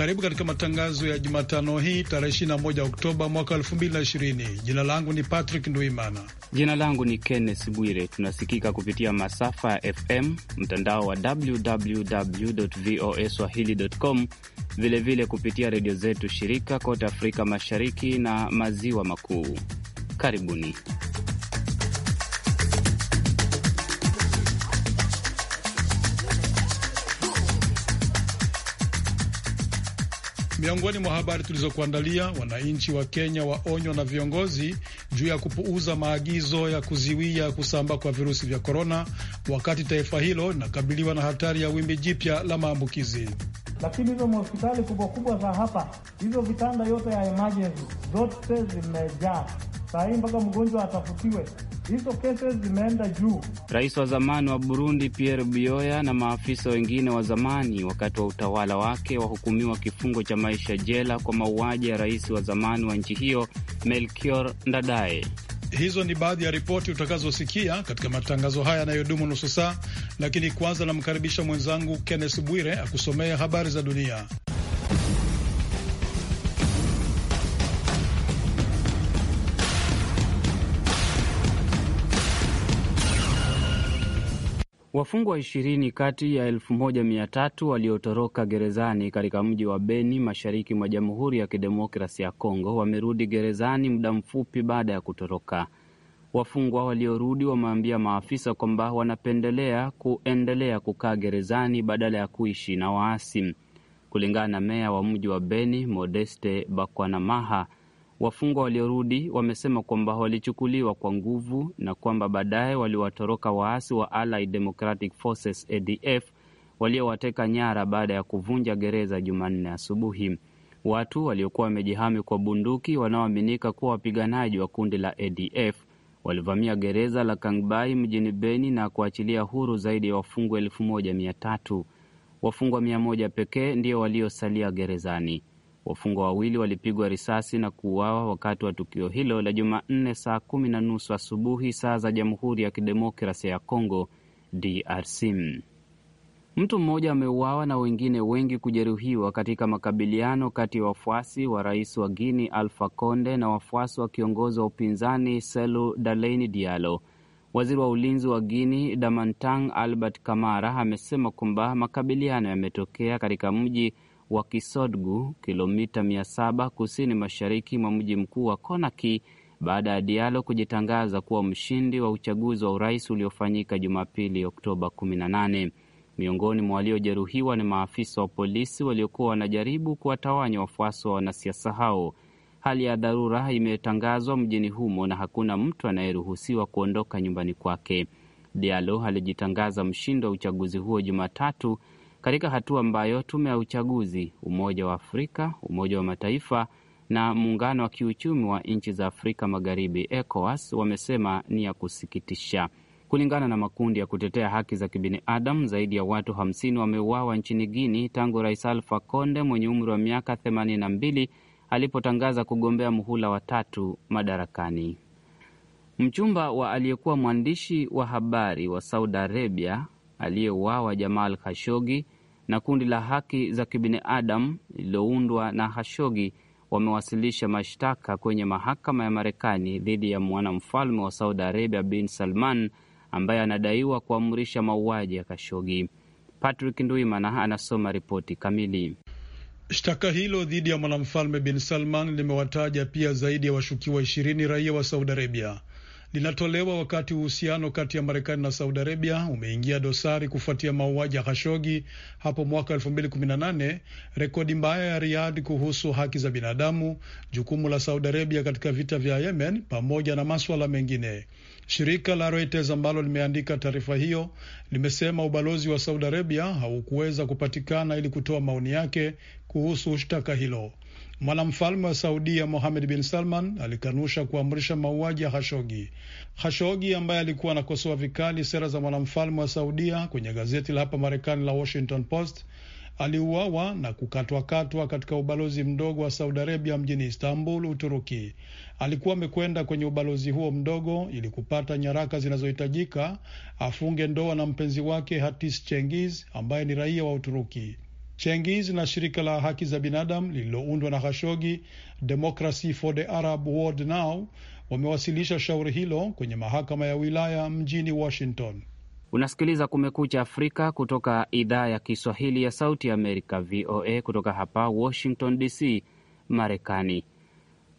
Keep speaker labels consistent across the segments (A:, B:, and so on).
A: Karibu katika matangazo ya Jumatano hii tarehe 21 Oktoba mwaka 2020. Jina langu ni Patrick Nduimana.
B: Jina langu ni Kenneth Bwire. Tunasikika kupitia masafa ya FM, mtandao wa www voa swahili.com, vilevile kupitia redio zetu shirika kote Afrika Mashariki na Maziwa Makuu. Karibuni.
A: Miongoni mwa habari tulizokuandalia, wananchi wa Kenya waonywa na viongozi juu ya kupuuza maagizo ya kuziwia kusambaa kwa virusi vya korona, wakati taifa hilo linakabiliwa na hatari ya wimbi jipya la maambukizi. Lakini hizo mahospitali kubwa kubwa za hapa, hizo vitanda yote ya emergency zote zimejaa saa hii, mpaka mgonjwa atafutiwe hizo kesi zimeenda juu.
B: Rais wa zamani wa Burundi Pierre Buyoya na maafisa wengine wa zamani wakati wa utawala wake wahukumiwa kifungo cha maisha jela kwa mauaji ya rais wa zamani wa nchi hiyo Melchior Ndadaye.
A: Hizo ni baadhi ya ripoti utakazosikia katika matangazo haya yanayodumu nusu saa, lakini kwanza namkaribisha mwenzangu Kenneth Bwire akusomea habari za dunia.
B: Wafungwa ishirini kati ya elfu moja mia tatu waliotoroka gerezani katika mji wa Beni mashariki mwa Jamhuri ya Kidemokrasi ya Kongo wamerudi gerezani muda mfupi baada ya kutoroka. Wafungwa waliorudi wameambia maafisa kwamba wanapendelea kuendelea kukaa gerezani badala ya kuishi na waasi. Kulingana na meya wa mji wa Beni Modeste Bakwanamaha, Wafungwa waliorudi wamesema kwamba walichukuliwa kwa nguvu na kwamba baadaye waliwatoroka waasi wa Allied Democratic Forces ADF waliowateka nyara baada ya kuvunja gereza Jumanne asubuhi. Watu waliokuwa wamejihami kwa bunduki wanaoaminika kuwa wapiganaji wa kundi la ADF walivamia gereza la Kangbai mjini Beni na kuachilia huru zaidi ya wafungwa elfu moja mia tatu. Wafungwa mia moja pekee ndio waliosalia gerezani. Wafungwa wawili walipigwa risasi na kuuawa wakati wa tukio hilo la Jumanne saa kumi na nusu asubuhi saa za Jamhuri ya Kidemokrasia ya congo DRC. Mtu mmoja ameuawa na wengine wengi kujeruhiwa katika makabiliano kati ya wafuasi wa rais wa Guini Alfa Conde na wafuasi wa kiongozi wa upinzani Selu Daleini Dialo. Waziri wa ulinzi wa Guini Damantang Albert Kamara amesema kwamba makabiliano yametokea katika mji wa Kisodgu, kilomita 7 kusini mashariki mwa mji mkuu wa Conaki baada ya Dialo kujitangaza kuwa mshindi wa uchaguzi wa urais uliofanyika Jumapili, Oktoba 18. Miongoni mwa waliojeruhiwa ni maafisa wa polisi waliokuwa wanajaribu kuwatawanya wafuasi wa wanasiasa hao. Hali ya dharura imetangazwa mjini humo na hakuna mtu anayeruhusiwa kuondoka nyumbani kwake. Dialo alijitangaza mshindi wa uchaguzi huo Jumatatu katika hatua ambayo tume ya uchaguzi, Umoja wa Afrika, Umoja wa Mataifa na muungano wa kiuchumi wa nchi za Afrika Magharibi, ECOWAS, wamesema ni ya kusikitisha. Kulingana na makundi ya kutetea haki za kibinadamu, zaidi ya watu 50 wameuawa nchini Guini tangu Rais Alfa Conde mwenye umri wa miaka 82 alipotangaza kugombea muhula wa tatu madarakani. Mchumba wa aliyekuwa mwandishi wa habari wa Saudi Arabia aliyeuawa Jamal Khashogi na kundi la haki za kibinadamu lililoundwa na Khashogi wamewasilisha mashtaka kwenye mahakama ya Marekani dhidi ya mwanamfalme wa Saudi Arabia bin Salman ambaye anadaiwa kuamrisha mauaji ya Khashogi. Patrick Nduimana anasoma ripoti kamili.
A: Shtaka hilo dhidi ya mwanamfalme bin Salman limewataja pia zaidi ya washukiwa ishirini raia wa Saudi Arabia linatolewa wakati uhusiano kati ya Marekani na Saudi Arabia umeingia dosari kufuatia mauaji ya Khashoggi hapo mwaka 2018, rekodi mbaya ya Riyadh kuhusu haki za binadamu, jukumu la Saudi Arabia katika vita vya Yemen pamoja na maswala mengine. Shirika la Reuters ambalo limeandika taarifa hiyo limesema ubalozi wa Saudi Arabia haukuweza kupatikana ili kutoa maoni yake kuhusu shtaka hilo. Mwanamfalme wa Saudia Mohamed bin Salman alikanusha kuamrisha mauaji ya Hashogi. Hashogi ambaye alikuwa anakosoa vikali sera za mwanamfalme wa Saudia kwenye gazeti la hapa Marekani la Washington Post aliuawa na kukatwakatwa katika ubalozi mdogo wa Saudi Arabia mjini Istanbul, Uturuki. Alikuwa amekwenda kwenye ubalozi huo mdogo ili kupata nyaraka zinazohitajika afunge ndoa na mpenzi wake Hatis chengis ambaye ni raia wa Uturuki. Chengiz na shirika la haki za binadamu lililoundwa na Khashoggi, Democracy for the Arab World Now, wamewasilisha shauri hilo kwenye mahakama ya wilaya mjini Washington.
B: Unasikiliza Kumekucha Afrika kutoka idhaa ya Kiswahili ya Sauti ya Amerika, VOA, kutoka hapa Washington DC, Marekani.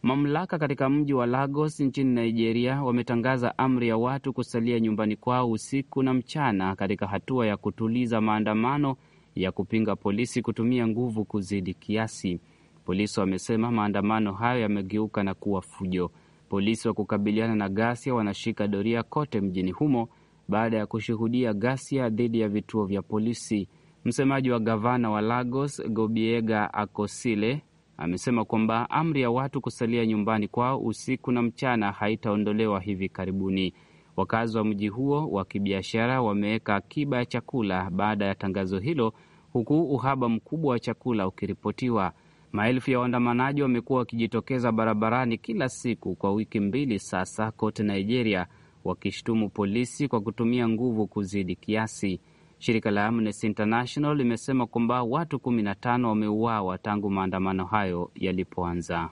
B: Mamlaka katika mji wa Lagos nchini Nigeria wametangaza amri ya watu kusalia nyumbani kwao usiku na mchana katika hatua ya kutuliza maandamano ya kupinga polisi kutumia nguvu kuzidi kiasi. Polisi wamesema maandamano hayo yamegeuka na kuwa fujo. Polisi wa kukabiliana na ghasia wanashika doria kote mjini humo baada ya kushuhudia ghasia dhidi ya vituo vya polisi. Msemaji wa gavana wa Lagos, Gobiega Akosile, amesema kwamba amri ya watu kusalia nyumbani kwao usiku na mchana haitaondolewa hivi karibuni. Wakazi wa mji huo wa kibiashara wameweka akiba ya chakula baada ya tangazo hilo, huku uhaba mkubwa wa chakula ukiripotiwa. Maelfu ya waandamanaji wamekuwa wakijitokeza barabarani kila siku kwa wiki mbili sasa kote Nigeria, wakishtumu polisi kwa kutumia nguvu kuzidi kiasi. Shirika la Amnesty International limesema kwamba watu 15 wameuawa tangu maandamano hayo yalipoanza.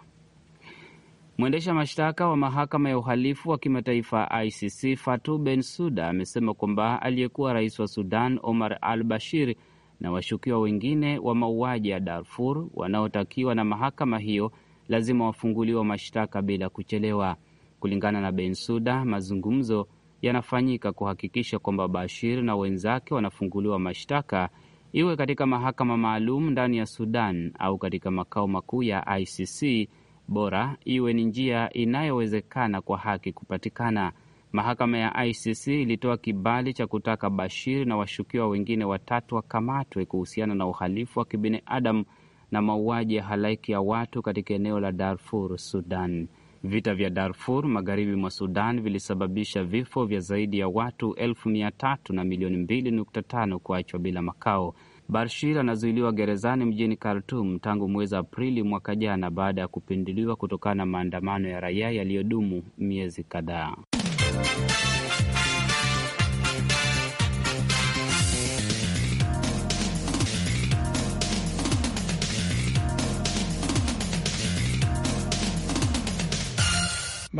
B: Mwendesha mashtaka wa mahakama ya uhalifu wa kimataifa ICC fatu ben suda amesema kwamba aliyekuwa rais wa Sudan Omar al Bashir na washukiwa wengine wa mauaji ya Darfur wanaotakiwa na mahakama hiyo lazima wafunguliwa mashtaka bila kuchelewa. Kulingana na ben suda mazungumzo yanafanyika kuhakikisha kwamba Bashir na wenzake wanafunguliwa mashtaka, iwe katika mahakama maalum ndani ya Sudan au katika makao makuu ya ICC bora iwe ni njia inayowezekana kwa haki kupatikana. Mahakama ya ICC ilitoa kibali cha kutaka Bashir na washukiwa wengine watatu wakamatwe kuhusiana na uhalifu wa kibinadamu na mauaji ya halaiki ya watu katika eneo la Darfur, Sudan. Vita vya Darfur magharibi mwa Sudan vilisababisha vifo vya zaidi ya watu elfu mia tatu na milioni 25 kuachwa bila makao. Bashir anazuiliwa gerezani mjini Khartum tangu mwezi Aprili mwaka jana baada ya kupinduliwa kutokana na maandamano ya raia yaliyodumu miezi kadhaa.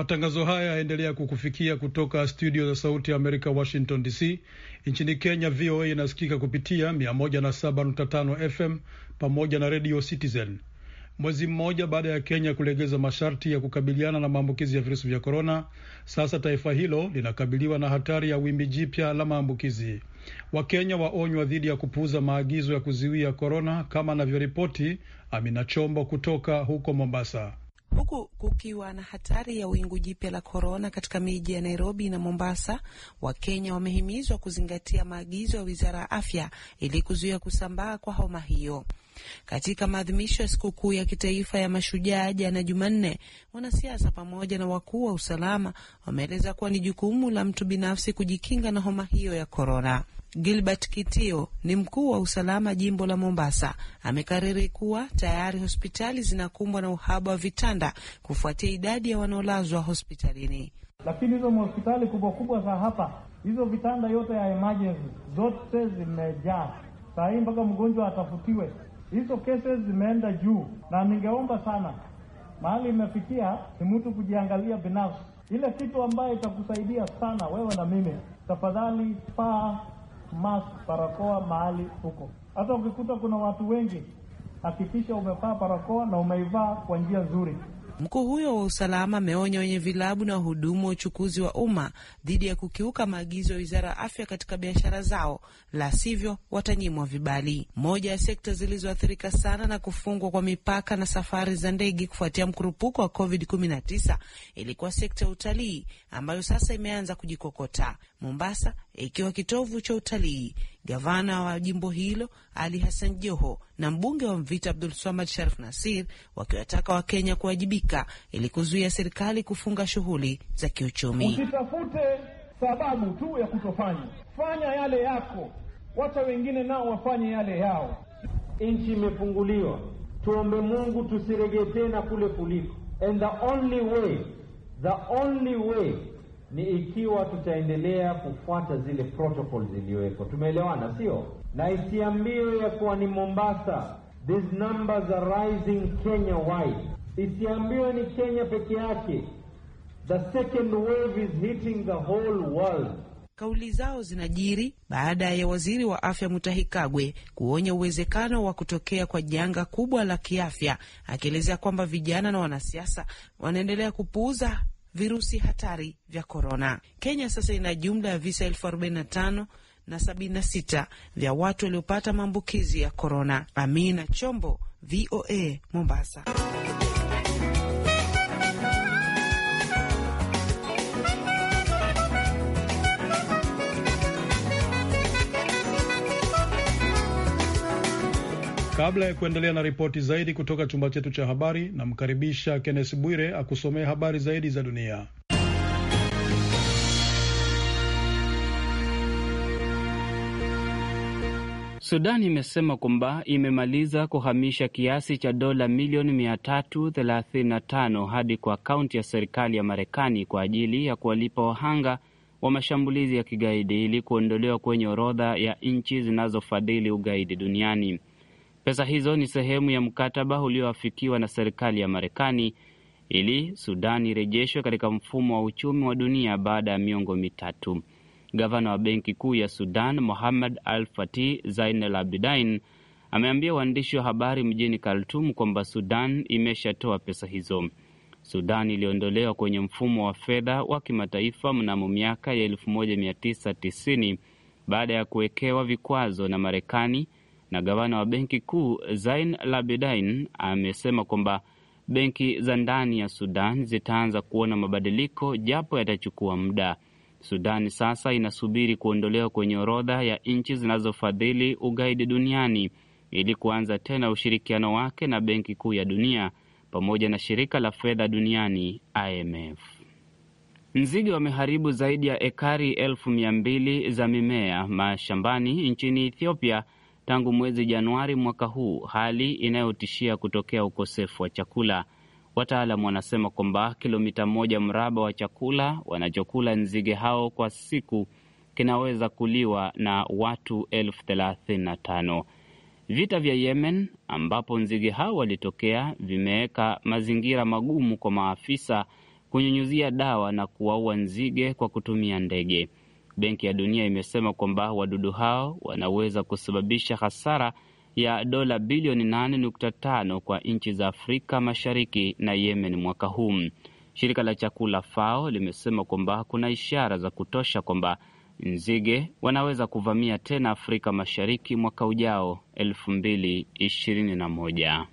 A: Matangazo haya yaendelea kukufikia kutoka studio za Sauti ya Amerika, Washington DC. Nchini Kenya, VOA inasikika kupitia 107.5 FM pamoja na Radio Citizen. Mwezi mmoja baada ya Kenya kulegeza masharti ya kukabiliana na maambukizi ya virusi vya korona, sasa taifa hilo linakabiliwa na hatari ya wimbi jipya la maambukizi. Wakenya waonywa dhidi ya kupuuza maagizo ya kuzuia korona, kama anavyoripoti Amina Chombo kutoka huko Mombasa
C: huku kukiwa na hatari ya wingu jipya la korona katika miji ya Nairobi na Mombasa, Wakenya wamehimizwa kuzingatia maagizo ya wizara ya afya ili kuzuia kusambaa kwa homa hiyo. Katika maadhimisho ya sikukuu ya kitaifa ya mashujaa jana Jumanne, wanasiasa pamoja na wakuu wa usalama wameeleza kuwa ni jukumu la mtu binafsi kujikinga na homa hiyo ya korona. Gilbert Kitio ni mkuu wa usalama jimbo la Mombasa. Amekariri kuwa tayari hospitali zinakumbwa na uhaba wa vitanda kufuatia idadi ya wanaolazwa hospitalini. Lakini hizo mahospitali kubwa kubwa za hapa,
D: hizo vitanda yote ya emergency zote zimejaa saa hii, mpaka mgonjwa atafutiwe Hizo kesi zimeenda juu, na ningeomba sana, mahali imefikia ni mtu kujiangalia binafsi, ile kitu ambayo itakusaidia sana wewe na mimi. Tafadhali paa mask, barakoa mahali huko. Hata ukikuta
A: kuna watu wengi, hakikisha umevaa barakoa na umeivaa kwa njia nzuri.
C: Mkuu huyo wa usalama ameonya wenye vilabu na wahudumu wa uchukuzi wa umma dhidi ya kukiuka maagizo ya wizara ya afya katika biashara zao, la sivyo watanyimwa vibali. Moja ya sekta zilizoathirika sana na kufungwa kwa mipaka na safari za ndege kufuatia mkurupuko wa COVID-19 ilikuwa sekta ya utalii ambayo sasa imeanza kujikokota. Mombasa ikiwa kitovu cha utalii. Gavana wa jimbo hilo Ali Hassan Joho na mbunge wa Mvita Abdul Swamad Sharif Nasir wakiwataka Wakenya kuwajibika ili kuzuia serikali kufunga shughuli za kiuchumi.
E: Usitafute sababu
D: tu ya kutofanya, fanya yale yako, wacha wengine nao wafanye yale yao. Nchi imefunguliwa, tuombe Mungu tusiregee tena kule kuliko, and the only way, the only way ni ikiwa tutaendelea kufuata zile protocol ziliyowekwa. Tumeelewana, sio? Na isiambiwe ya kuwa ni Mombasa, these numbers are rising Kenya wide. Isiambiwe ni Kenya peke yake, the second wave is hitting the whole world.
C: Kauli zao zinajiri baada ya waziri wa afya Mutahi Kagwe kuonya uwezekano wa kutokea kwa janga kubwa la kiafya, akielezea kwamba vijana na wanasiasa wanaendelea kupuuza virusi hatari vya korona. Kenya sasa ina jumla ya visa elfu arobaini na tano na sabini na sita vya watu waliopata maambukizi ya korona. Amina Chombo, VOA, Mombasa.
A: Kabla ya kuendelea na ripoti zaidi kutoka chumba chetu cha habari, namkaribisha Kennes Bwire akusomea habari zaidi za dunia.
B: Sudani imesema kwamba imemaliza kuhamisha kiasi cha dola milioni 335 hadi kwa akaunti ya serikali ya Marekani kwa ajili ya kuwalipa wahanga wa mashambulizi ya kigaidi ili kuondolewa kwenye orodha ya nchi zinazofadhili ugaidi duniani. Pesa hizo ni sehemu ya mkataba ulioafikiwa na serikali ya Marekani ili Sudan irejeshwe katika mfumo wa uchumi wa dunia baada ya miongo mitatu. Gavana wa Benki Kuu ya Sudan muhamad Al Fatih Zain Al ameambia waandishi wa habari mjini Khartoum kwamba Sudan imeshatoa pesa hizo. Sudan iliondolewa kwenye mfumo wa fedha wa kimataifa mnamo miaka ya 1990 baada ya kuwekewa vikwazo na Marekani na gavana wa benki kuu Zain Labedain amesema kwamba benki za ndani ya Sudan zitaanza kuona mabadiliko japo yatachukua muda. Sudani sasa inasubiri kuondolewa kwenye orodha ya nchi zinazofadhili ugaidi duniani ili kuanza tena ushirikiano wake na Benki Kuu ya Dunia pamoja na shirika la fedha duniani IMF. Nzige wameharibu zaidi ya ekari elfu mia mbili za mimea mashambani nchini Ethiopia tangu mwezi Januari mwaka huu, hali inayotishia kutokea ukosefu wa chakula. wataalam wanasema kwamba kilomita moja mraba wa chakula wanachokula nzige hao kwa siku kinaweza kuliwa na watu elfu thelathini na tano. Vita vya Yemen ambapo nzige hao walitokea vimeweka mazingira magumu kwa maafisa kunyunyuzia dawa na kuwaua nzige kwa kutumia ndege. Benki ya Dunia imesema kwamba wadudu hao wanaweza kusababisha hasara ya dola bilioni 8.5 kwa nchi za Afrika Mashariki na Yemen mwaka huu. Shirika la chakula FAO limesema kwamba kuna ishara za kutosha kwamba nzige wanaweza kuvamia tena Afrika Mashariki mwaka ujao 2021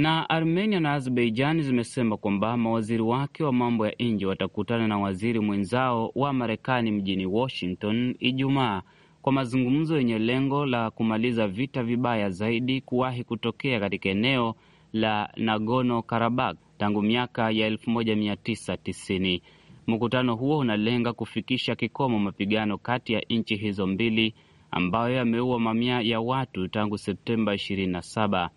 B: na Armenia na Azerbaijan zimesema kwamba mawaziri wake wa mambo ya nje watakutana na waziri mwenzao wa Marekani mjini Washington Ijumaa kwa mazungumzo yenye lengo la kumaliza vita vibaya zaidi kuwahi kutokea katika eneo la Nagorno Karabakh tangu miaka ya 1990. Mkutano huo unalenga kufikisha kikomo mapigano kati ya nchi hizo mbili ambayo yameua mamia ya watu tangu Septemba 27.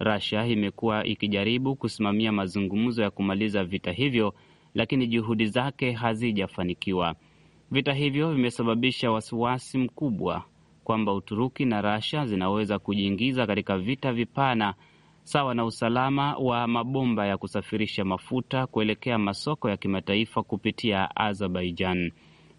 B: Russia imekuwa ikijaribu kusimamia mazungumzo ya kumaliza vita hivyo, lakini juhudi zake hazijafanikiwa. Vita hivyo vimesababisha wasiwasi mkubwa kwamba Uturuki na Russia zinaweza kujiingiza katika vita vipana sawa na usalama wa mabomba ya kusafirisha mafuta kuelekea masoko ya kimataifa kupitia Azerbaijan.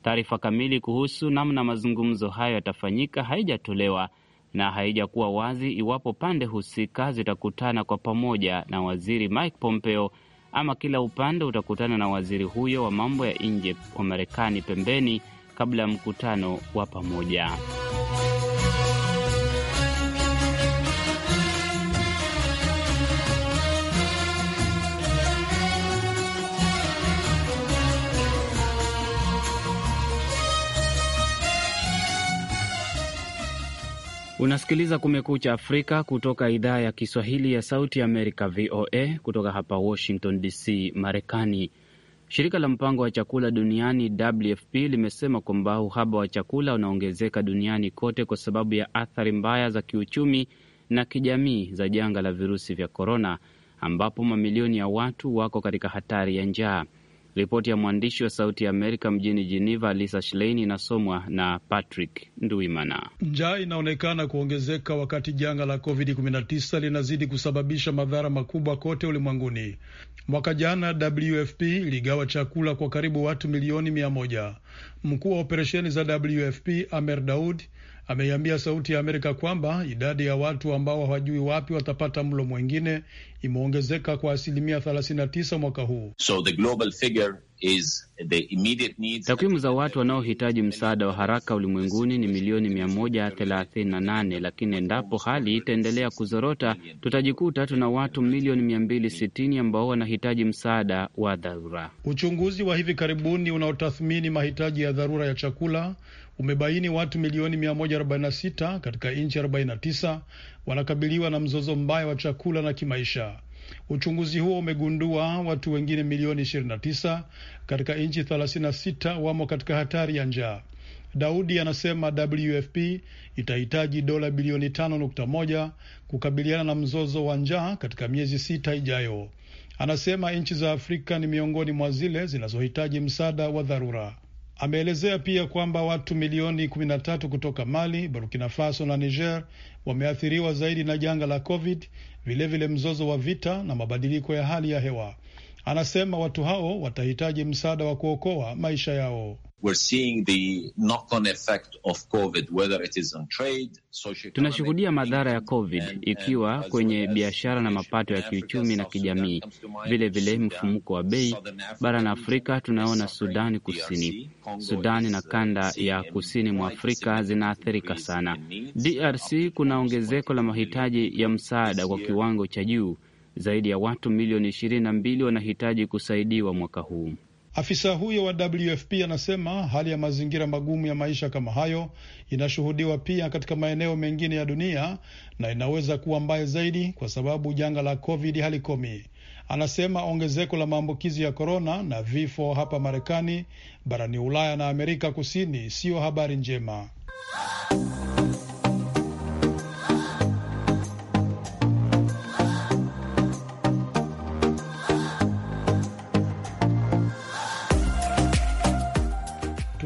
B: Taarifa kamili kuhusu namna mazungumzo hayo yatafanyika haijatolewa, na haijakuwa wazi iwapo pande husika zitakutana kwa pamoja na waziri Mike Pompeo ama kila upande utakutana na waziri huyo wa mambo ya nje wa Marekani pembeni kabla ya mkutano wa pamoja. Unasikiliza Kumekucha Afrika kutoka idhaa ya Kiswahili ya Sauti ya Amerika, VOA, kutoka hapa Washington DC, Marekani. Shirika la Mpango wa Chakula Duniani, WFP, limesema kwamba uhaba wa chakula unaongezeka duniani kote kwa sababu ya athari mbaya za kiuchumi na kijamii za janga la virusi vya korona, ambapo mamilioni ya watu wako katika hatari ya njaa. Ripoti ya mwandishi wa Sauti ya Amerika mjini Geneva, Lisa Schlein, inasomwa na Patrick Nduimana.
A: Njaa inaonekana kuongezeka wakati janga la COVID-19 linazidi kusababisha madhara makubwa kote ulimwenguni. Mwaka jana WFP iligawa chakula kwa karibu watu milioni mia moja. Mkuu wa operesheni za WFP Amer Daud ameiambia Sauti ya Amerika kwamba idadi ya watu ambao hawajui wapi watapata mlo mwengine imeongezeka kwa asilimia 39
E: mwaka huu. So the global figure
B: Takwimu za watu wanaohitaji msaada wa haraka ulimwenguni ni milioni mia moja nane, lakini endapo hali itaendelea kuzorota tutajikuta tuna watu milioni mia ambao wanahitaji msaada wa dharura.
A: Uchunguzi wa hivi karibuni unaotathmini mahitaji ya dharura ya chakula umebaini watu milioni 146 katika nchi 49 wanakabiliwa na mzozo mbaya wa chakula na kimaisha. Uchunguzi huo umegundua watu wengine milioni 29 katika nchi 36 wamo katika hatari ya njaa. Daudi anasema WFP itahitaji dola bilioni 5.1 kukabiliana na mzozo wa njaa katika miezi sita ijayo. Anasema nchi za Afrika ni miongoni mwa zile zinazohitaji msaada wa dharura. Ameelezea pia kwamba watu milioni 13 kutoka Mali, Burkina Faso na Niger wameathiriwa zaidi na janga la COVID, vilevile vile mzozo wa vita na mabadiliko ya hali ya hewa. Anasema watu hao watahitaji msaada wa kuokoa maisha yao.
B: Tunashuhudia madhara ya COVID ikiwa kwenye biashara na mapato ya kiuchumi na kijamii, vilevile mfumuko wa bei bara na Afrika. Tunaona Sudani Kusini, Sudani na uh, kanda ya kusini mwa Afrika zinaathirika sana. DRC kuna ongezeko la mahitaji ya msaada kwa kiwango cha juu. Zaidi ya watu milioni 22 wanahitaji kusaidiwa mwaka huu.
A: Afisa huyo wa WFP anasema hali ya mazingira magumu ya maisha kama hayo inashuhudiwa pia katika maeneo mengine ya dunia na inaweza kuwa mbaya zaidi kwa sababu janga la COVID halikomi. Anasema ongezeko la maambukizi ya korona na vifo hapa Marekani, barani Ulaya na Amerika Kusini siyo habari njema.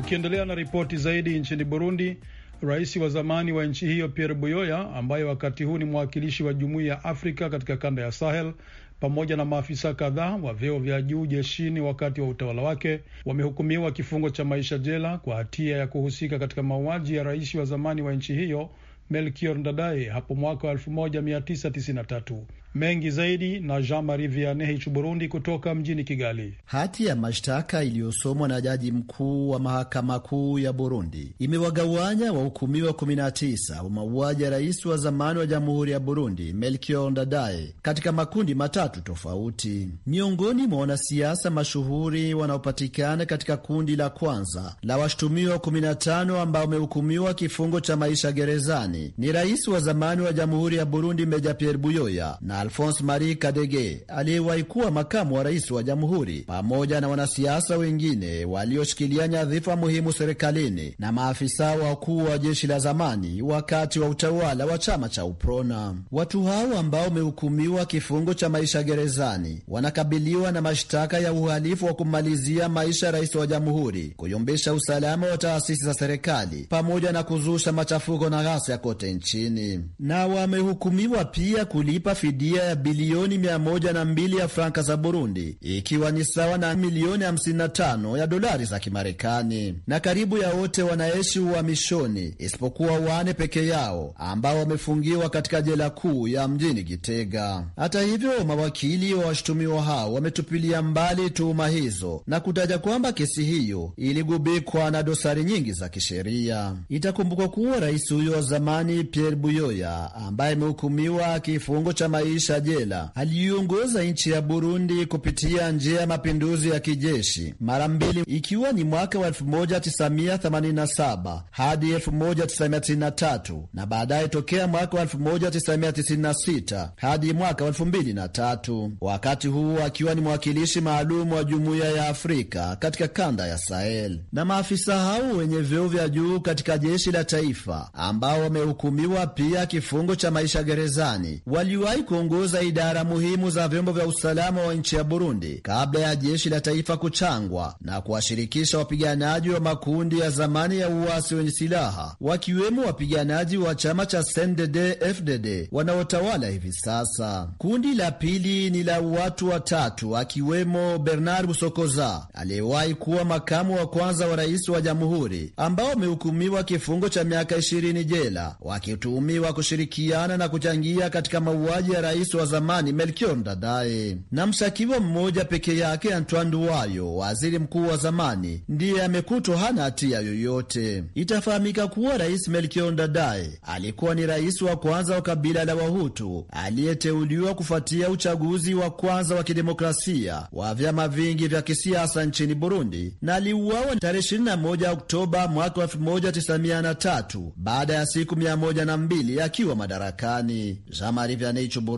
A: Tukiendelea na ripoti zaidi, nchini Burundi, rais wa zamani wa nchi hiyo Pierre Buyoya, ambaye wakati huu ni mwakilishi wa Jumuiya ya Afrika katika kanda ya Sahel, pamoja na maafisa kadhaa wa vyeo vya juu jeshini wakati wa utawala wake, wamehukumiwa kifungo cha maisha jela kwa hatia ya kuhusika katika mauaji ya rais wa zamani wa nchi hiyo Melchior Ndadaye hapo mwaka wa 1993 mengi zaidi na Jean Marie Vianney Hichu, Burundi, kutoka mjini Kigali.
E: Hati ya mashtaka iliyosomwa na jaji mkuu wa mahakama kuu ya Burundi imewagawanya wahukumiwa 19 wa mauaji ya rais wa zamani wa jamhuri ya Burundi Melchior Ndadaye katika makundi matatu tofauti. Miongoni mwa wanasiasa mashuhuri wanaopatikana katika kundi la kwanza la washutumiwa 15 ambao wamehukumiwa kifungo cha maisha gerezani ni rais wa zamani wa jamhuri ya Burundi Meja Pierre Buyoya na Alphonse Marie Kadege aliyewahi kuwa makamu wa rais wa jamhuri, pamoja na wanasiasa wengine walioshikilia nyadhifa muhimu serikalini na maafisa wakuu wa jeshi la zamani wakati wa utawala wa chama cha UPRONA. Watu hao ambao wamehukumiwa kifungo cha maisha gerezani wanakabiliwa na mashtaka ya uhalifu wa kumalizia maisha rais wa jamhuri, kuyumbisha usalama wa taasisi za serikali, pamoja na kuzusha machafuko na ghasia kote nchini, na wamehukumiwa pia kulipa fidia jumla ya bilioni 102 ya franka za Burundi, ikiwa ni sawa na milioni 55 ya dolari za Kimarekani. Na karibu ya wote wanaishi uhamishoni isipokuwa wane peke yao ambao wamefungiwa katika jela kuu ya mjini Gitega. Hata hivyo, mawakili wa washutumiwa hao wametupilia mbali tuhuma hizo na kutaja kwamba kesi hiyo iligubikwa na dosari nyingi za kisheria. Itakumbukwa kuwa rais huyo wa zamani Pierre Buyoya ambaye amehukumiwa kifungo cha maisha kuifikisha jela. Aliiongoza nchi ya Burundi kupitia njia ya mapinduzi ya kijeshi mara mbili, ikiwa ni mwaka wa 1987 hadi 1993 na baadaye tokea mwaka wa 1996 hadi mwaka wa 2003, wakati huo akiwa ni mwakilishi maalum wa Jumuiya ya Afrika katika kanda ya Sahel, na maafisa hao wenye vyeo vya juu katika jeshi la taifa ambao wamehukumiwa pia kifungo cha maisha gerezani waliwahi kuchunguza idara muhimu za vyombo vya usalama wa nchi ya Burundi kabla ya jeshi la taifa kuchangwa na kuwashirikisha wapiganaji wa makundi ya zamani ya uasi wenye silaha wakiwemo wapiganaji wa chama cha CNDD FDD wanaotawala hivi sasa. Kundi la pili ni la watu watatu akiwemo Bernard Busokoza aliyewahi kuwa makamu wa kwanza wa rais wa jamhuri, ambao wamehukumiwa kifungo cha miaka 20 jela wakituhumiwa kushirikiana na kuchangia katika mauaji ya rais wa zamani Melchior Ndadaye, na mshakiwa mmoja peke yake Antoine Duwayo, waziri mkuu wa zamani, ndiye amekutwa hana hatia yoyote. Itafahamika kuwa rais Melchior Ndadaye alikuwa ni rais wa kwanza wa kabila la Wahutu aliyeteuliwa kufuatia uchaguzi wa kwanza wa kidemokrasia wa vyama vingi vya kisiasa nchini Burundi, na aliuawa tarehe 21 Oktoba mwaka 1903 baada ya siku 102 akiwa madarakani.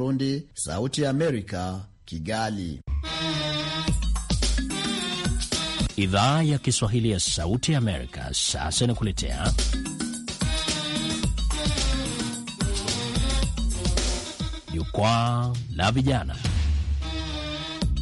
E: Burundi, Sauti ya Amerika, Kigali. Idhaa ya Kiswahili ya Sauti ya Amerika sasa
F: inakuletea
E: Jukwaa la Vijana.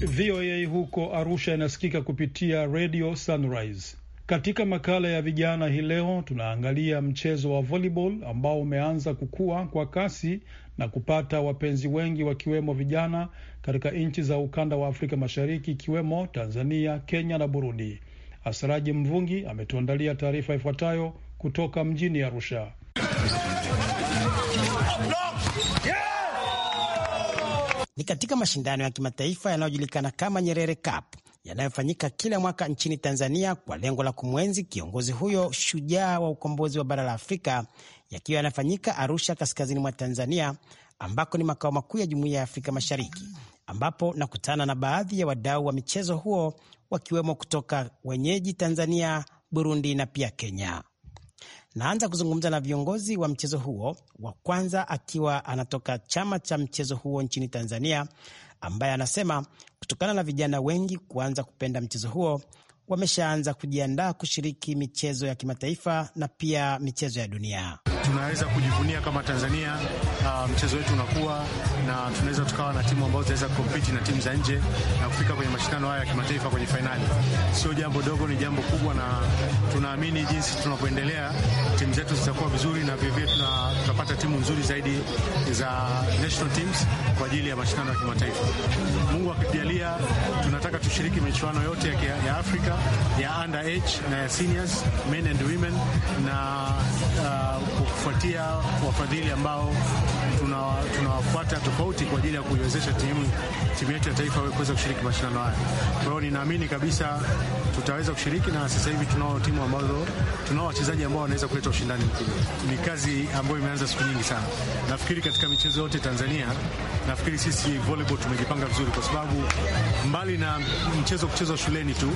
A: VOA huko Arusha inasikika kupitia Radio Sunrise. Katika makala ya vijana hii leo tunaangalia mchezo wa volleyball ambao umeanza kukua kwa kasi na kupata wapenzi wengi wakiwemo vijana katika nchi za ukanda wa Afrika Mashariki ikiwemo Tanzania, Kenya na Burundi. Asraji Mvungi ametuandalia taarifa
F: ifuatayo kutoka mjini Arusha. Ni katika mashindano ya kimataifa yanayojulikana kama Nyerere Cup yanayofanyika kila mwaka nchini Tanzania kwa lengo la kumwenzi kiongozi huyo shujaa wa ukombozi wa bara la Afrika, yakiwa yanafanyika Arusha, kaskazini mwa Tanzania, ambako ni makao makuu ya Jumuiya ya Afrika Mashariki, ambapo nakutana na baadhi ya wadau wa michezo huo wakiwemo kutoka wenyeji Tanzania, Burundi na pia Kenya. Naanza kuzungumza na viongozi wa mchezo huo, wa kwanza akiwa anatoka chama cha mchezo huo nchini Tanzania ambaye anasema kutokana na vijana wengi kuanza kupenda mchezo huo wameshaanza kujiandaa kushiriki michezo ya kimataifa na pia michezo ya dunia
D: tunaweza kujivunia kama Tanzania. Uh, mchezo wetu unakuwa na tunaweza tukawa na timu ambazo zinaweza kukompiti na timu za nje na kufika kwenye mashindano haya ya kimataifa kwenye fainali. Sio jambo dogo, ni jambo kubwa, na tunaamini jinsi tunavyoendelea timu zetu zitakuwa vizuri na vilevile tutapata timu nzuri zaidi za national teams kwa ajili ya mashindano ya kimataifa. Mungu akijalia, tunataka tushiriki michuano yote ya, ya Afrika ya under age na ya seniors men and women na uh, kufuatia wafadhili ambao tunawafuata tofauti kwa ajili ya kuiwezesha timu timu yetu ya taifa kuweza kushiriki mashindano haya. Kwa hiyo ninaamini kabisa tutaweza kushiriki, na sasa hivi tunao timu ambazo tunao wachezaji ambao wanaweza kuleta ushindani mkubwa. Ni kazi ambayo imeanza siku nyingi sana. Nafikiri katika michezo yote Tanzania, nafikiri sisi volleyball tumejipanga vizuri, kwa sababu mbali na mchezo kuchezwa shuleni tu,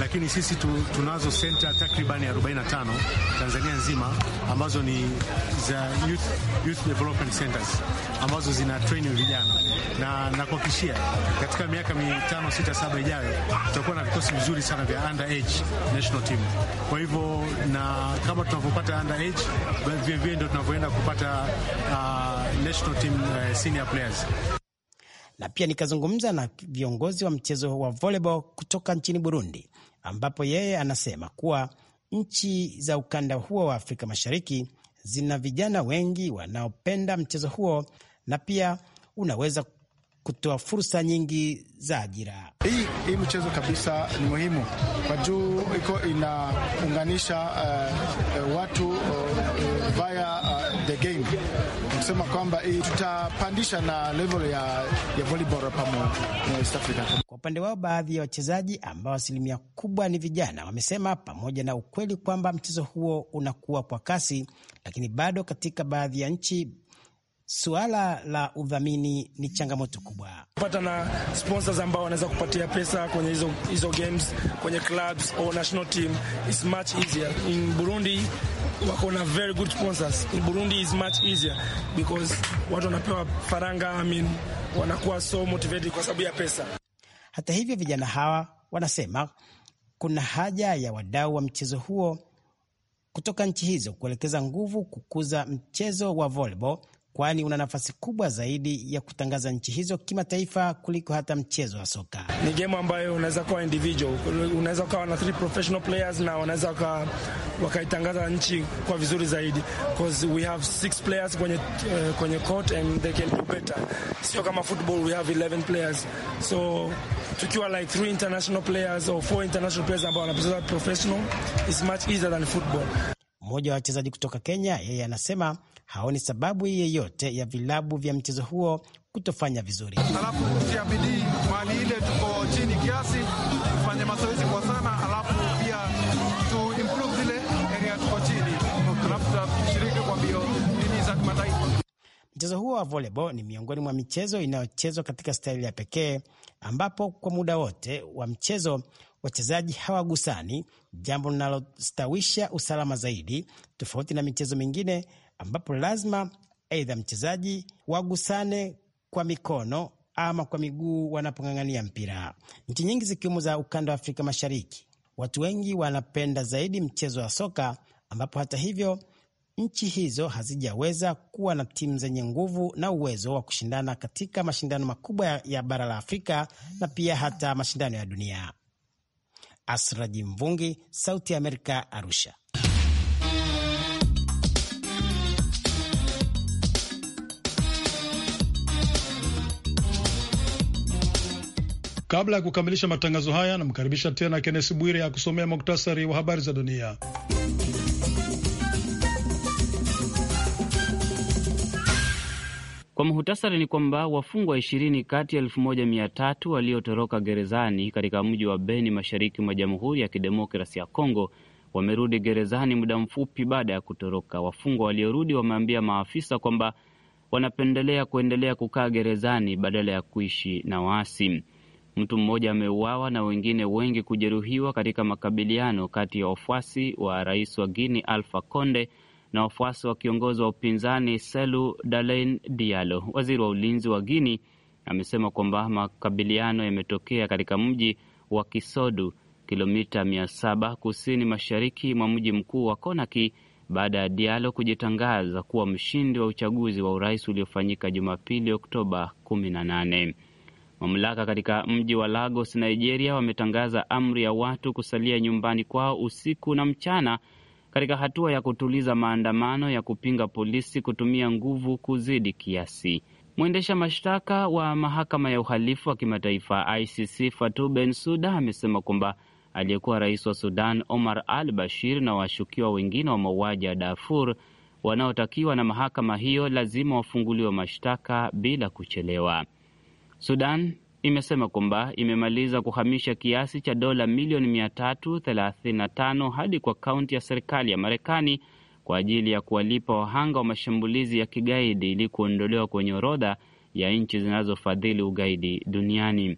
D: lakini sisi tu, tunazo senta takriban 45 Tanzania nzima ambazo ni za youth, youth development center centers ambazo zina train vijana, na nakuhakikishia katika miaka mitano sita saba ijayo tutakuwa na vikosi vizuri sana vya under age national team. Kwa hivyo na kama tunavyopata under age, vile vile ndio tunavyoenda kupata uh, national
F: team uh, senior players na pia nikazungumza na viongozi wa mchezo wa volleyball kutoka nchini Burundi, ambapo yeye anasema kuwa nchi za ukanda huo wa Afrika Mashariki zina vijana wengi wanaopenda mchezo huo na pia unaweza kutoa fursa nyingi za ajira. Hii hii mchezo kabisa ni muhimu kwa juu iko inaunganisha
D: uh, watu uh, via uh, the game kusema kwamba tutapandisha na level ya, ya volleyball hapa East Africa. Kwa
F: upande wao, baadhi ya wachezaji ambao asilimia kubwa ni vijana wamesema pamoja na ukweli kwamba mchezo huo unakuwa kwa kasi, lakini bado katika baadhi ya nchi suala la udhamini ni changamoto kubwa. Kupata na sponsors ambao wanaweza kupatia pesa kwenye hizo, hizo games kwenye clubs or national team is much easier in Burundi. Wako na very good sponsors in Burundi is much easier because watu wanapewa faranga, I mean, wanakuwa so motivated kwa sababu ya pesa. Hata hivyo vijana hawa wanasema kuna haja ya wadau wa mchezo huo kutoka nchi hizo kuelekeza nguvu kukuza mchezo wa volleyball kwani una nafasi kubwa zaidi ya kutangaza nchi hizo kimataifa kuliko hata mchezo wa soka. Ni gemu ambayo unaweza kuwa individual, unaweza ukawa na three professional players na wanaweza wakaitangaza nchi kwa vizuri zaidi, because we have six players kwenye, uh, kwenye court and they can do better. Sio kama football, we have 11 players so tukiwa like three international players or four international players ambao wanacheza professional is much easier than football. Mmoja wa wachezaji kutoka Kenya yeye anasema haoni sababu yeyote ya vilabu vya mchezo huo kutofanya vizuri.
A: Alafu kutia bidii mali ile, tuko chini kiasi, tufanye mazoezi kwa sana, alafu pia tu improve zile area tuko chini, alafu tutashiriki kwa mbio dini za kimataifa.
F: Mchezo huo wa volleyball ni miongoni mwa michezo inayochezwa katika staili ya pekee ambapo kwa muda wote wa mchezo wachezaji hawagusani, jambo linalostawisha usalama zaidi, tofauti na michezo mingine ambapo lazima aidha mchezaji wagusane kwa mikono ama kwa miguu wanapong'ang'ania mpira. Nchi nyingi zikiwemo za ukanda wa Afrika Mashariki, watu wengi wanapenda zaidi mchezo wa soka, ambapo hata hivyo nchi hizo hazijaweza kuwa na timu zenye nguvu na uwezo wa kushindana katika mashindano makubwa ya bara la Afrika na pia hata mashindano ya dunia. Asraji Mvungi, Sauti ya Amerika, Arusha.
A: Kabla ya kukamilisha matangazo haya, namkaribisha tena Kennes Bwire ya kusomea muktasari wa habari za dunia.
B: Kwa muhtasari ni kwamba wafungwa ishirini kati ya elfu moja mia tatu waliotoroka gerezani katika mji wa Beni mashariki mwa Jamhuri ya Kidemokrasi ya Kongo wamerudi gerezani muda mfupi baada ya kutoroka. Wafungwa waliorudi wameambia maafisa kwamba wanapendelea kuendelea kukaa gerezani badala ya kuishi na waasi. Mtu mmoja ameuawa na wengine wengi kujeruhiwa katika makabiliano kati ya wafuasi wa rais wa Guini alfa Conde na wafuasi wa kiongozi wa upinzani Selu Dalein Dialo. Waziri wa ulinzi wa Guini amesema kwamba makabiliano yametokea katika mji wa Kisodu, kilomita i7 kusini mashariki mwa mji mkuu wa Konaki, baada ya Dialo kujitangaza kuwa mshindi wa uchaguzi wa urais uliofanyika Jumapili, Oktoba nane. Mamlaka katika mji wa Lagos, Nigeria, wametangaza amri ya watu kusalia nyumbani kwao usiku na mchana katika hatua ya kutuliza maandamano ya kupinga polisi kutumia nguvu kuzidi kiasi. Mwendesha mashtaka wa mahakama ya uhalifu wa kimataifa ICC Fatou Bensouda amesema kwamba aliyekuwa rais wa Sudan Omar al Bashir na washukiwa wengine wa mauaji ya Darfur wanaotakiwa na mahakama hiyo lazima wafunguliwe mashtaka bila kuchelewa. Sudan imesema kwamba imemaliza kuhamisha kiasi cha dola milioni 335 hadi kwa kaunti ya serikali ya Marekani kwa ajili ya kuwalipa wahanga wa mashambulizi ya kigaidi ili kuondolewa kwenye orodha ya nchi zinazofadhili ugaidi duniani.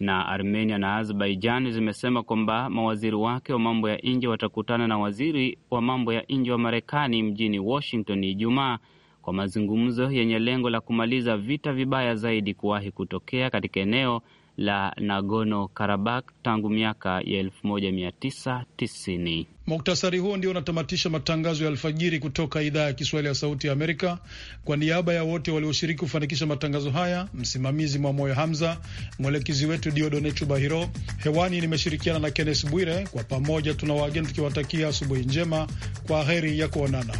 B: Na Armenia na Azerbaijan zimesema kwamba mawaziri wake wa mambo ya nje watakutana na waziri wa mambo ya nje wa Marekani mjini Washington Ijumaa kwa mazungumzo yenye lengo la kumaliza vita vibaya zaidi kuwahi kutokea katika eneo la nagono Karabakh tangu miaka ya 1990.
A: Muktasari huo ndio unatamatisha matangazo ya alfajiri kutoka idhaa ya Kiswahili ya Sauti ya Amerika. Kwa niaba ya wote walioshiriki kufanikisha matangazo haya, msimamizi mwa moyo Hamza, mwelekezi wetu Diodone Chubahiro, hewani nimeshirikiana na Kennes Bwire. Kwa pamoja tuna waageni tukiwatakia asubuhi njema, kwa heri ya kuonana.